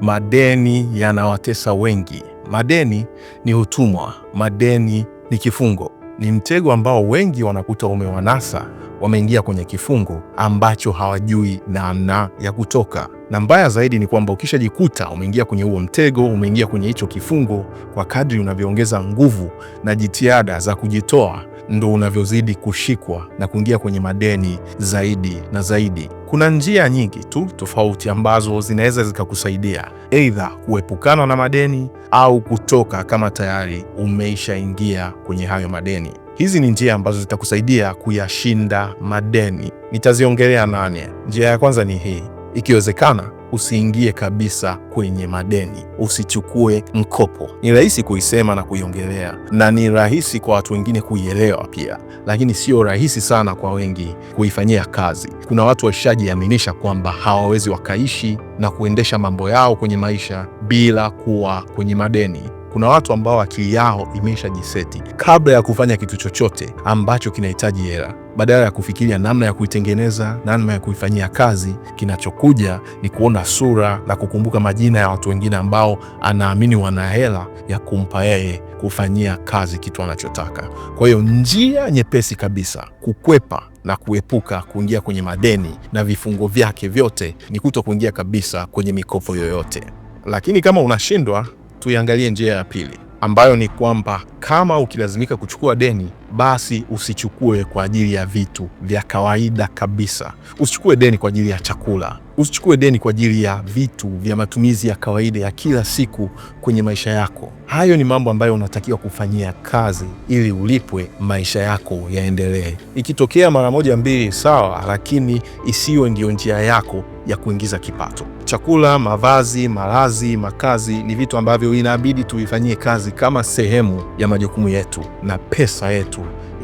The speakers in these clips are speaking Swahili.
Madeni yanawatesa wengi. Madeni ni utumwa, madeni ni kifungo, ni mtego ambao wengi wanakuta umewanasa, wameingia kwenye kifungo ambacho hawajui namna ya kutoka. Na mbaya zaidi ni kwamba ukishajikuta umeingia kwenye huo mtego, umeingia kwenye hicho kifungo, kwa kadri unavyoongeza nguvu na jitihada za kujitoa ndo unavyozidi kushikwa na kuingia kwenye madeni zaidi na zaidi. Kuna njia nyingi tu tofauti ambazo zinaweza zikakusaidia eidha kuepukana na madeni au kutoka kama tayari umeishaingia kwenye hayo madeni. Hizi ni njia ambazo zitakusaidia kuyashinda madeni, nitaziongelea nane. Njia ya kwanza ni hii, ikiwezekana usiingie kabisa kwenye madeni, usichukue mkopo. Ni rahisi kuisema na kuiongelea, na ni rahisi kwa watu wengine kuielewa pia, lakini sio rahisi sana kwa wengi kuifanyia kazi. Kuna watu washajiaminisha kwamba hawawezi wakaishi na kuendesha mambo yao kwenye maisha bila kuwa kwenye madeni. Kuna watu ambao akili yao imeshajiseti kabla ya kufanya kitu chochote ambacho kinahitaji hela badala ya kufikiria namna ya kuitengeneza, namna ya kuifanyia kazi, kinachokuja ni kuona sura na kukumbuka majina ya watu wengine ambao anaamini wana hela ya kumpa yeye kufanyia kazi kitu anachotaka. Kwa hiyo njia nyepesi kabisa kukwepa na kuepuka kuingia kwenye madeni na vifungo vyake vyote ni kuto kuingia kabisa kwenye mikopo yoyote. Lakini kama unashindwa tuiangalie njia ya pili ambayo ni kwamba kama ukilazimika kuchukua deni, basi usichukue kwa ajili ya vitu vya kawaida kabisa. Usichukue deni kwa ajili ya chakula, usichukue deni kwa ajili ya vitu vya matumizi ya kawaida ya kila siku kwenye maisha yako. Hayo ni mambo ambayo unatakiwa kufanyia kazi ili ulipwe, maisha yako yaendelee. Ikitokea mara moja mbili, sawa, lakini isiwe ndiyo njia yako ya kuingiza kipato. Chakula, mavazi, malazi, makazi ni vitu ambavyo inabidi tuvifanyie kazi kama sehemu ya majukumu yetu, na pesa yetu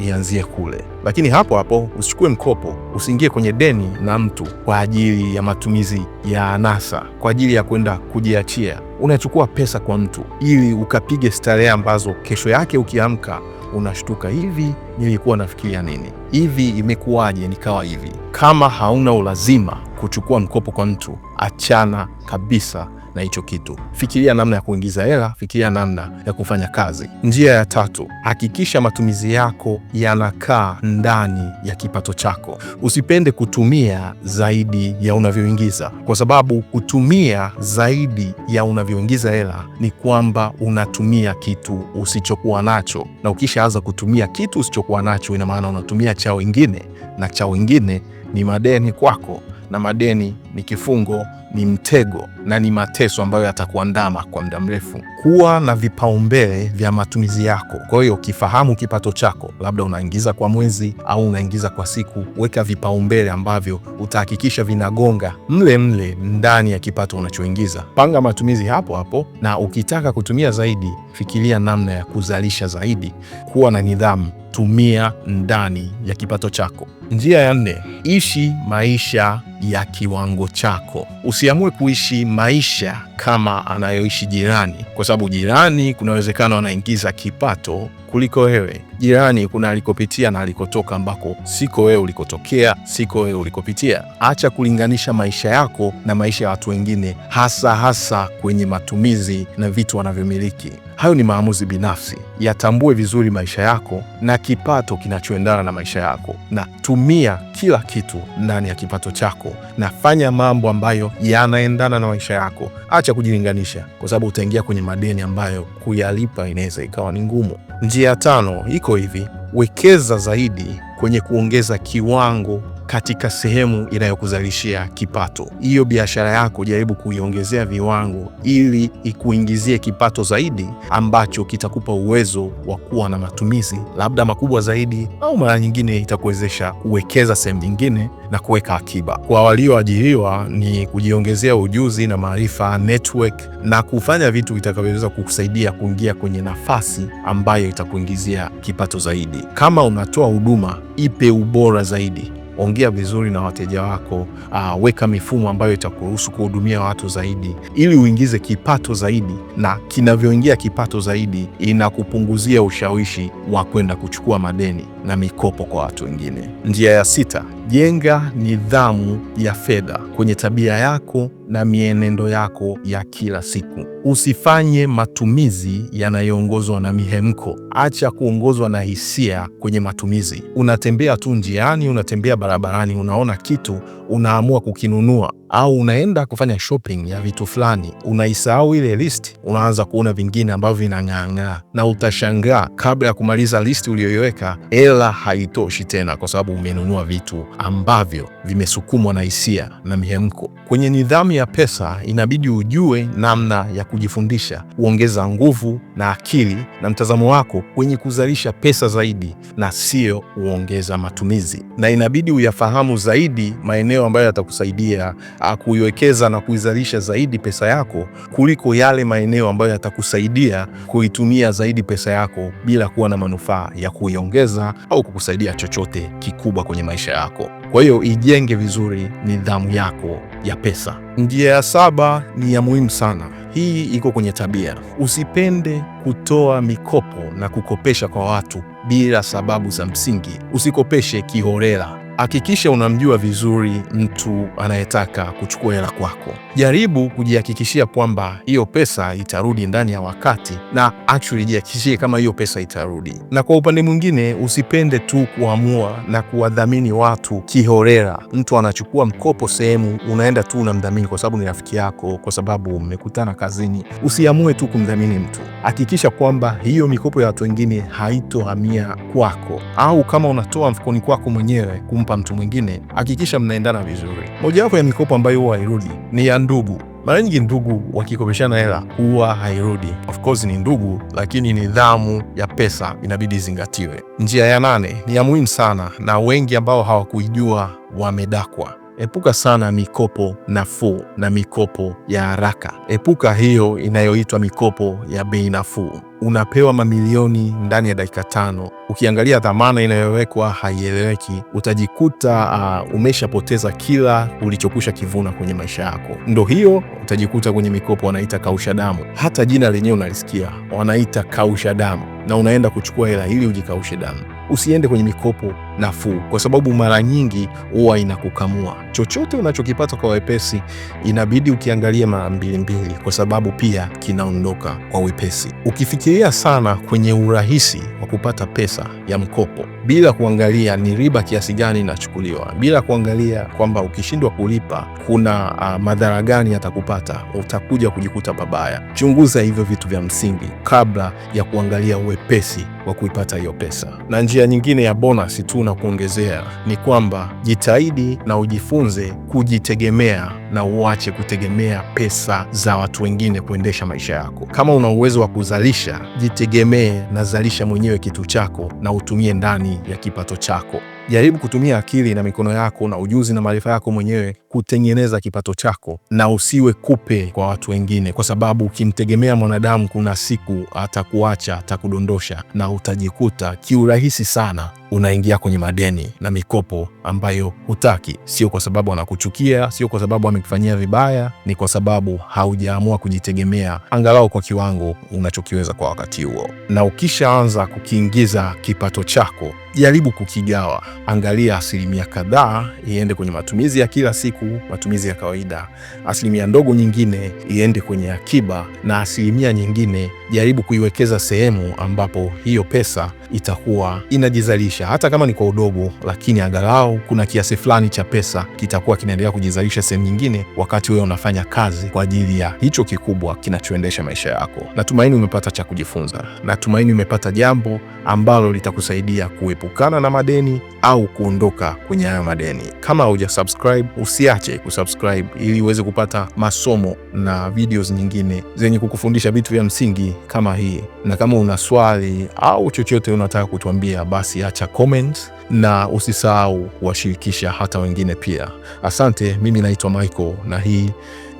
ianzie kule. Lakini hapo hapo usichukue mkopo, usiingie kwenye deni na mtu kwa ajili ya matumizi ya anasa, kwa ajili ya kwenda kujiachia. Unachukua pesa kwa mtu ili ukapige starehe ambazo kesho yake ukiamka unashtuka, hivi nilikuwa nafikiria nini? Hivi imekuwaje nikawa hivi? Kama hauna ulazima kuchukua mkopo kwa mtu, achana kabisa na hicho kitu. Fikiria namna ya kuingiza hela, fikiria namna ya kufanya kazi. Njia ya tatu, hakikisha matumizi yako yanakaa ndani ya kipato chako. Usipende kutumia zaidi ya unavyoingiza, kwa sababu kutumia zaidi ya unavyoingiza hela ni kwamba unatumia kitu usichokuwa nacho, na ukishaanza kutumia kitu usichokuwa nacho, ina maana unatumia cha wengine, na cha wengine ni madeni kwako na madeni ni kifungo, ni mtego na ni mateso ambayo yatakuandama kwa muda mrefu. Kuwa na vipaumbele vya matumizi yako. Kwa hiyo ukifahamu kipato chako, labda unaingiza kwa mwezi au unaingiza kwa siku, weka vipaumbele ambavyo utahakikisha vinagonga mle mle ndani ya kipato unachoingiza. Panga matumizi hapo hapo, na ukitaka kutumia zaidi, fikiria namna ya kuzalisha zaidi. Kuwa na nidhamu, tumia ndani ya kipato chako. Njia ya nne, ishi maisha ya kiwango chako. Usiamue kuishi maisha kama anayoishi jirani, kwa sababu jirani kuna uwezekano anaingiza kipato kuliko wewe. Jirani kuna alikopitia na alikotoka, ambako siko wewe ulikotokea, siko wewe ulikopitia. Acha kulinganisha maisha yako na maisha ya watu wengine, hasa hasa kwenye matumizi na vitu wanavyomiliki. Hayo ni maamuzi binafsi. Yatambue vizuri maisha yako na kipato kinachoendana na maisha yako na tu tumia kila kitu ndani ya kipato chako na fanya mambo ambayo yanaendana na maisha yako. Acha kujilinganisha, kwa sababu utaingia kwenye madeni ambayo kuyalipa inaweza ikawa ni ngumu. Njia ya tano iko hivi: wekeza zaidi kwenye kuongeza kiwango katika sehemu inayokuzalishia kipato. Hiyo biashara yako jaribu kuiongezea viwango ili ikuingizie kipato zaidi ambacho kitakupa uwezo wa kuwa na matumizi labda makubwa zaidi, au mara nyingine itakuwezesha kuwekeza sehemu nyingine na kuweka akiba. Kwa walioajiriwa ni kujiongezea ujuzi na maarifa, network na kufanya vitu vitakavyoweza kukusaidia kuingia kwenye nafasi ambayo itakuingizia kipato zaidi. Kama unatoa huduma, ipe ubora zaidi ongea vizuri na wateja wako, uh, weka mifumo ambayo itakuruhusu kuhudumia watu zaidi ili uingize kipato zaidi, na kinavyoingia kipato zaidi inakupunguzia ushawishi wa kwenda kuchukua madeni na mikopo kwa watu wengine. Njia ya sita, jenga nidhamu ya fedha kwenye tabia yako na mienendo yako ya kila siku. Usifanye matumizi yanayoongozwa na mihemko. Acha kuongozwa na hisia kwenye matumizi. Unatembea tu njiani, unatembea barabarani, unaona kitu unaamua kukinunua au unaenda kufanya shopping ya vitu fulani, unaisahau ile listi, unaanza kuona vingine ambavyo vinang'aang'aa, na utashangaa kabla ya kumaliza listi uliyoiweka, hela haitoshi tena, kwa sababu umenunua vitu ambavyo vimesukumwa na hisia na mihemko. Kwenye nidhamu ya pesa, inabidi ujue namna ya kujifundisha kuongeza nguvu na akili na mtazamo wako kwenye kuzalisha pesa zaidi, na sio uongeza matumizi, na inabidi uyafahamu zaidi maeneo ambayo yatakusaidia Ah, kuiwekeza na kuizalisha zaidi pesa yako kuliko yale maeneo ambayo yatakusaidia kuitumia zaidi pesa yako bila kuwa na manufaa ya kuiongeza au kukusaidia chochote kikubwa kwenye maisha yako. Kwa hiyo ijenge vizuri nidhamu yako ya pesa. Njia ya saba ni ya muhimu sana. Hii iko kwenye tabia. Usipende kutoa mikopo na kukopesha kwa watu bila sababu za msingi. Usikopeshe kiholela. Hakikisha unamjua vizuri mtu anayetaka kuchukua hela kwako. Jaribu kujihakikishia kwamba hiyo pesa itarudi ndani ya wakati, na actually jihakikishie kama hiyo pesa itarudi. Na kwa upande mwingine, usipende tu kuamua na kuwadhamini watu kihorera. Mtu anachukua mkopo sehemu, unaenda tu unamdhamini kwa sababu ni rafiki yako, kwa sababu mmekutana kazini. Usiamue tu kumdhamini mtu hakikisha kwamba hiyo mikopo ya watu wengine haitohamia kwako, au kama unatoa mfukoni kwako mwenyewe kumpa mtu mwingine, hakikisha mnaendana vizuri. Mojawapo ya mikopo ambayo huwa hairudi ni ya ndugu. Mara nyingi ndugu wakikopeshana hela huwa hairudi. Of course ni ndugu, lakini nidhamu ya pesa inabidi izingatiwe. Njia ya nane ni ya muhimu sana, na wengi ambao hawakuijua wamedakwa. Epuka sana mikopo nafuu na mikopo ya haraka. Epuka hiyo inayoitwa mikopo ya bei nafuu. Unapewa mamilioni ndani ya dakika tano. Ukiangalia dhamana inayowekwa haieleweki, utajikuta uh, umeshapoteza kila ulichokusha kivuna kwenye maisha yako. Ndo hiyo utajikuta kwenye mikopo wanaita kausha damu. Hata jina lenyewe unalisikia, wanaita kausha damu, na unaenda kuchukua hela ili ujikaushe damu. Usiende kwenye mikopo nafuu, kwa sababu mara nyingi huwa inakukamua. Chochote unachokipata kwa wepesi, inabidi ukiangalie mara mbili mbili, kwa sababu pia kinaondoka kwa wepesi. Ukifikiria sana kwenye urahisi wa kupata pesa ya mkopo bila kuangalia ni riba kiasi gani inachukuliwa, bila kuangalia kwamba ukishindwa kulipa kuna uh, madhara gani yatakupata, utakuja kujikuta babaya. Chunguza hivyo vitu vya msingi kabla ya kuangalia uwepesi wa kuipata hiyo pesa. Na njia nyingine ya bonasi tu na kuongezea ni kwamba jitahidi na ujifunze kujitegemea na uache kutegemea pesa za watu wengine kuendesha maisha yako. Kama una uwezo wa kuzalisha, jitegemee na zalisha mwenyewe kitu chako na utumie ndani ya kipato chako. Jaribu kutumia akili na mikono yako na ujuzi na maarifa yako mwenyewe kutengeneza kipato chako, na usiwe kupe kwa watu wengine, kwa sababu ukimtegemea mwanadamu, kuna siku atakuacha, atakudondosha na utajikuta kiurahisi sana unaingia kwenye madeni na mikopo ambayo hutaki, sio kwa sababu anakuchukia, sio kwa sababu amekufanyia vibaya, ni kwa sababu haujaamua kujitegemea angalau kwa kiwango unachokiweza kwa wakati huo. Na ukishaanza kukiingiza kipato chako, jaribu kukigawa, angalia asilimia kadhaa iende kwenye matumizi ya kila siku, matumizi ya kawaida, asilimia ndogo nyingine iende kwenye akiba, na asilimia nyingine jaribu kuiwekeza sehemu ambapo hiyo pesa itakuwa inajizalisha kujizalisha, hata kama ni kwa udogo, lakini angalau kuna kiasi fulani cha pesa kitakuwa kinaendelea kujizalisha sehemu nyingine, wakati wewe unafanya kazi kwa ajili ya hicho kikubwa kinachoendesha maisha yako. Natumaini umepata cha kujifunza, natumaini umepata jambo ambalo litakusaidia kuepukana na madeni au kuondoka kwenye hayo madeni. Kama hauja subscribe, usiache kusubscribe ili uweze kupata masomo na videos nyingine zenye kukufundisha vitu vya msingi kama hii, na kama una swali au chochote unataka kutuambia, basi acha comment na usisahau kuwashirikisha hata wengine pia. Asante, mimi naitwa Michael na hii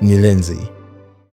ni Lenzi.